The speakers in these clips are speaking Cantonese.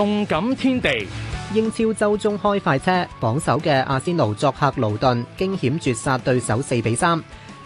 動感天地，英超周中開快車，榜首嘅阿仙奴作客盧頓，驚險絕殺對手四比三。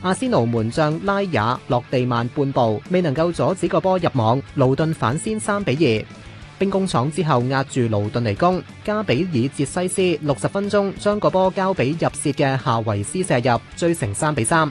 阿仙奴門將拉雅落地慢半步，未能夠阻止個波入網，盧頓反先三比二。兵工廠之後壓住盧頓嚟攻，加比爾捷西斯六十分鐘將個波交俾入楔嘅夏維斯射入，追成三比三。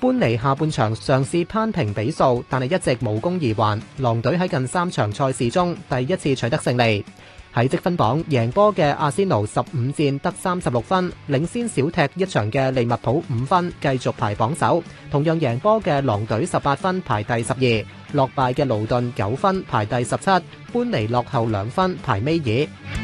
搬離下半場嘗試攀平比數，但係一直無功而還。狼隊喺近三場賽事中第一次取得勝利。喺積分榜贏波嘅阿仙奴十五戰得三十六分，領先小踢一場嘅利物浦五分，繼續排榜首。同樣贏波嘅狼隊十八分排第十二，落敗嘅盧頓九分排第十七，搬離落後兩分排尾二。